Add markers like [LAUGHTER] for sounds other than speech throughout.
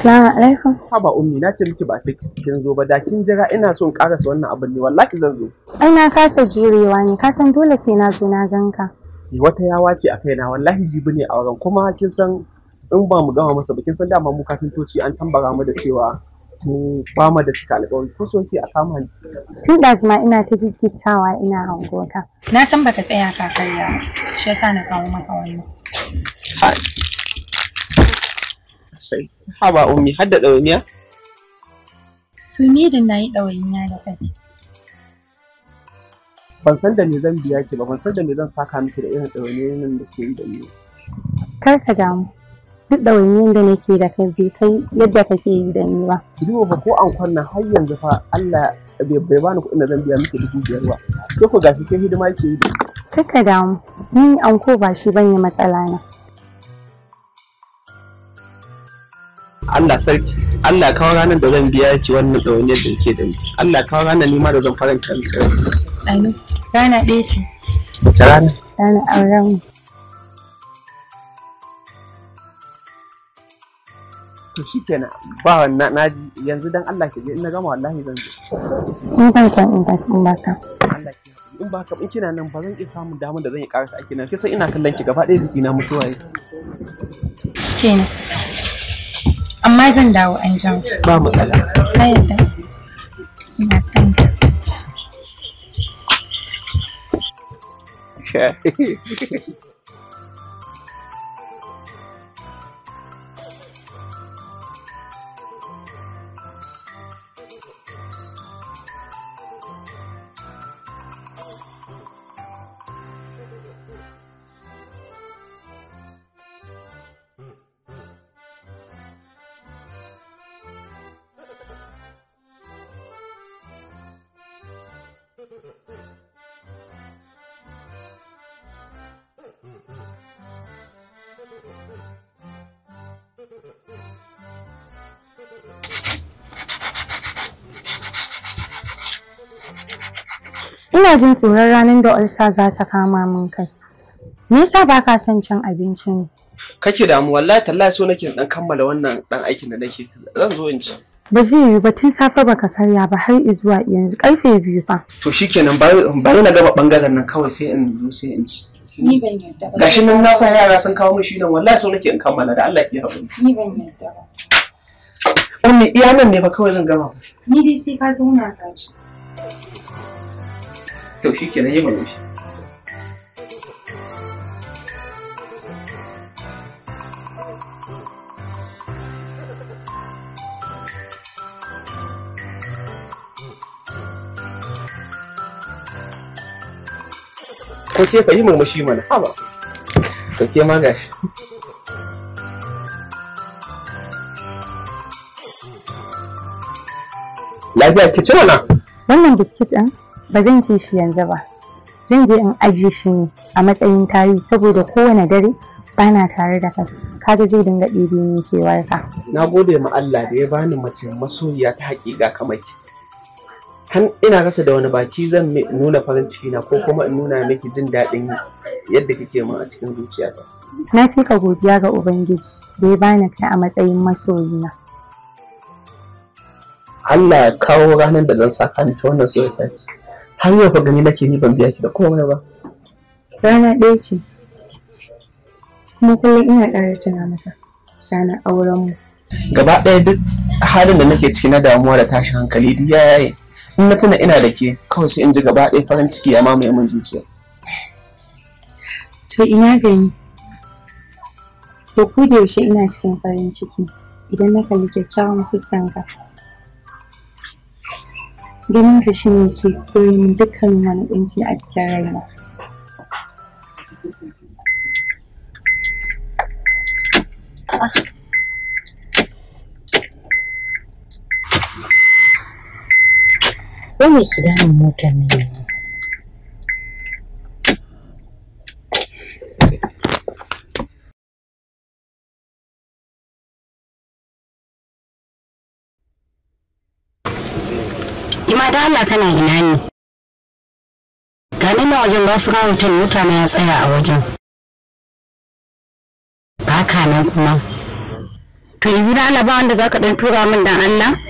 Assalamu alaikum. Haba ummi na ce miki ba sai kin zo ba da kin jira ina son karasa wannan abin ne wallahi zan zo. Ai na kasa jurewa ne ka san dole sai na zo na ganka. Wata yawa ce a kaina wallahi jibi ne a wurin kuma kin san in ba mu gama masa ba kin san dama mu kafintoci an tambara mu da cewa mu ba mu da cika alƙawari ko son ki a kama ni. Tun da ma ina ta giggitawa ina hango ka. Na san baka tsaya ka karya shi yasa na kawo maka wannan. sosai haba ummi har da ɗawainiya to ni da na yi ɗawainiya da kai ban san da me zan biya ki ba ban san da me zan saka miki da irin ɗawainiyan da ke yi da ni kar ka damu duk ɗawainiyan da nake da kai bai kai yadda kake yi da ni ba duba ba ko an kwanna har yanzu fa Allah bai bani kuɗin da zan biya miki dubu biyar ba ko ku gashi sai hidima ke yi da kar ka damu ni an ko ba shi bane matsala na Allah sarki Allah kawo ranar da zan biya ki wannan ɗawainiyar da ke da ni Allah kawo ranar nima da zan faranta miki rai rana ɗaya ce Ta rana rana auren mu to shikenan ba wannan naji yanzu dan Allah ki je in na gama wallahi zan je in kan san in tafi in baka Allah ki in ba ka kina nan ba zan iya samun damar da zan yi karasa aiki nan sai ina kallon ki gaba ɗaya jikina mutuwa yake shikenan amma zan dawo an jan ba kala ka yadda ina son ka Okay. [LAUGHS] Ina jin tsoron ranar da ulsa za ta kama min kai. Me yasa ba ka son cin abinci ne? Kake damu wallahi tallahi so nake ɗan kammala wannan ɗan aikin da nake. Zan zo in ci. ba zai yiwu ba tun safe baka karya ba har zuwa yanzu karfe biyu fa to shikenan bayan na gama bangaren nan kawai sai in zo sai in ci ni ban yarda ba gashi nan na yara sun kawo mishi nan wallahi so nake in kammala da Allah ya haƙuri ni ban yarda ba Ummi iya nan ne ba kawai zan gama ni dai sai ka zauna ka ci to shikenan yi shi ko sai ka yi murmushi mana haba to ke ma gashi lafiya ki ci mana wannan biskit ɗin ba zan ci shi yanzu ba zan je in ajiye shi ne a matsayin tarihi saboda kowane dare bana tare da kai kaga zai dinga ɗebe ni kewar ka na gode ma Allah da ya bani mace masoyiya ta haƙiƙa kamar ki han ina rasa da wani baki zan nuna farin ciki na ko kuma in nuna miki jin daɗin yadda kike min a cikin zuciyata na fi ka godiya ga ubangiji da ya bani kai a matsayin masoyina Allah ya kawo ranar da zan saka ni ta wannan soyayya har yau ba gani nake ni ban biya ki da komai ba rana ɗaya ce kuma kullum ina ƙara tuna maka ranar aurenmu gaba ɗaya duk halin da nake ciki na damuwa da tashin hankali duk yayaye. yaye in na tuna ina da ke kawai sai in ji gaba ɗaya farin ciki ya mamaye min zuciya to ina gani to ku da yaushe ina cikin farin ciki idan na kalli kyakkyawan fuskanka ganin ka shi ne ke koyi dukkan wani ɗanci a cikin raina Ah. Wani ki damun motar ne. Ima da Allah kana ina ne? Gani na wajen ba fura hotel mota na ya tsaya a wajen. Ba ka nan kuma. To yi zina Allah ba wanda za ka ɗan tura min dan Allah?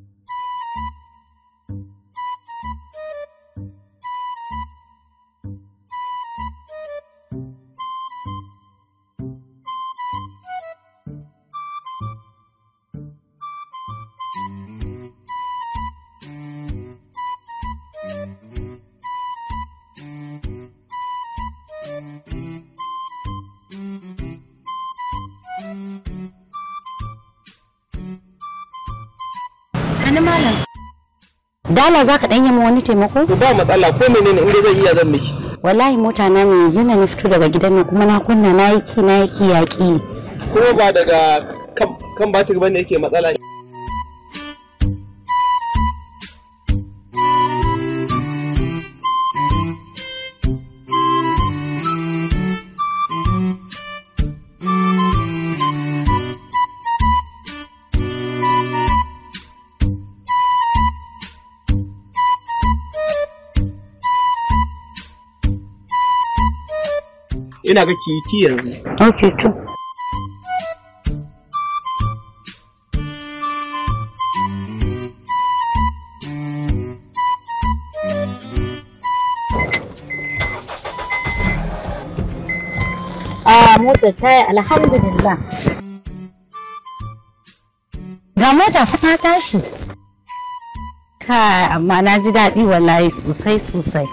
wani malam. Dala za ka ɗanya mu wani taimako? Ba matsala ko menene inda zai iya zan miki. Wallahi mota na ne yana na fito daga gidan nan kuma na kunna na yi ki na yi ki yaƙi. Kuma ba daga kan batir bane yake matsala. ina ga kiki yanzu okay to a mota ta yi alhamdulillah ga mota ta tashi kai amma na ji daɗi wallahi sosai sosai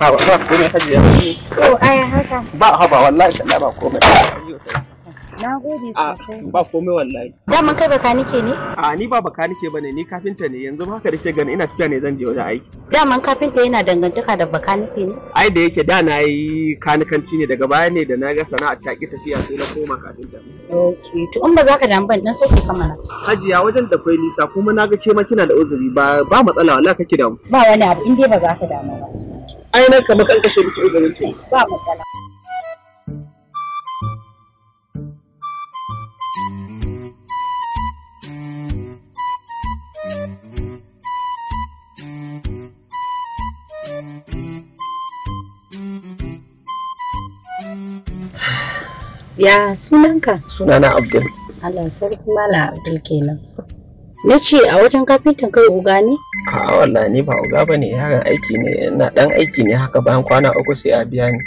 ba komai hajiya to aya haka ba haba wallahi sallah ba komai na gode sosai ba komai wallahi daman kai baka nike ne a ni ba baka nike bane ni kafinta ne yanzu haka da ke gani ina tafiya ne zan je wajen aiki daman kafinta yana dangantaka da baka nike ne ai da yake da na yi kanikanci ne daga baya ne da na ga sana'a ta ki tafiya sai na koma kafinta okay to in ba za ka damu ban dan sauke ka mana hajiya wajen da kai nisa kuma na ga ke ma kina da uzuri ba ba matsala wallahi kake damu ba wani abu in dai ba za ka damu ba ainihin kamar kan kashe miki uzurin ba matsala Ya sunanka? Sunana Abdul. Allah sarki Malam Abdul kenan. Na ce a wajen kafintan kai uga ne? Aa wallahi ni ba uga bane yaran aiki ne ina dan aiki ne haka bayan kwana uku sai a biya ni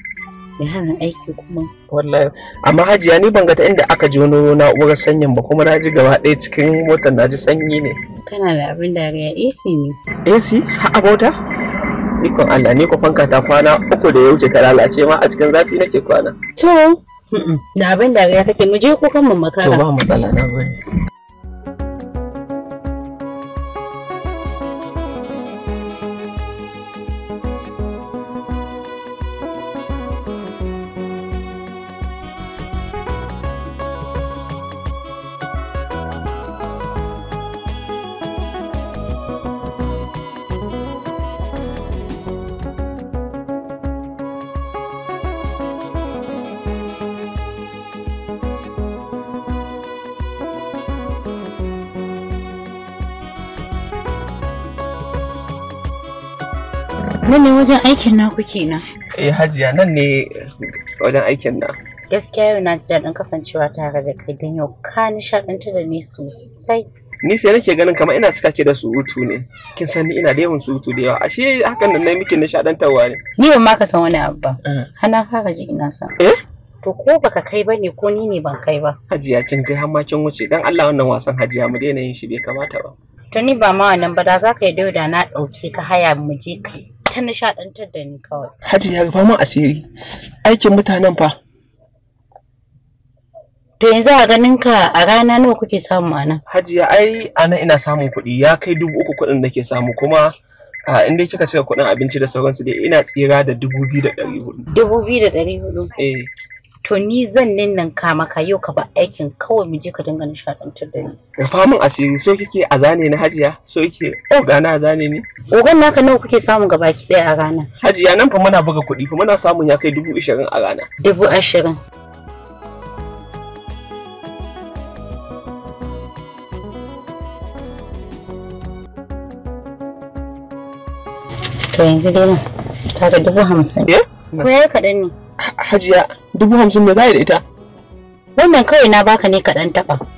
yaron aiki kuma wallahi amma hajiya ni ban ga ta inda aka jono na'urar sanyin ba kuma na ji gaba ɗaya cikin motar na ji sanyi ne kana da abin dariya AC ne AC ha abota ikon Allah ni ko fanka ta kwana uku da ya wuce ka lalace ma a cikin zafi nake kwana to da abin dariya kake mu je ko kan mu makara to ba matsala na gode nan ne wajen aikin na kuke na. Eh Hajiya nan ne wajen aikin na. Gaskiya yau na ji daɗin kasancewa tare da kai don yau ka nishaɗanta da ni sosai. Ni sai nake ganin kamar ina cika ke da surutu ne. Kin san ni ina da yawan surutu da yawa. Ashe hakan nan nayi miki nishaɗantarwa ne. Ni ban ma ka san wani abu ba. Mm. Hana fara ji ina san. Eh? To ko baka kai ba ne ko ni ne ban kai ba. Hajiya kin kai har ma kin wuce dan Allah wannan wasan Hajiya mu daina yin shi bai kamata ba. To ni ba ma wannan ba da za ka yi dauda na ɗauke ka haya mu je kai. ta nishadantar da ni kawai haji ya rufa mun asiri aikin mutanen fa to yanzu a ganin ka a rana nawa kuke samu a nan hajiya ai a nan ina samun kuɗi ya kai dubu uku kuɗin da ke samu kuma a in dai kika cika kuɗin abinci da sauransu dai ina tsira da dubu biyu da ɗari hudu dubu biyu da ɗari hudu eh to ni zan ka maka yau ka ba aikin kawai mu je ka dinga nishadantar da ni rufa mun asiri so kike a zane na hajiya so kike oh. oga a zane ni ogan naka nawa kuke samu ga baki daya a rana hajiya nan fa muna buga kuɗi fa muna samun ya kai dubu ashirin a rana dubu ashirin to yanzu dai nan ta da dubu hamsin eh ko ya kaɗan ne hajiya dubu hamsin me za da ita wannan kawai na baka ne kaɗan taɓa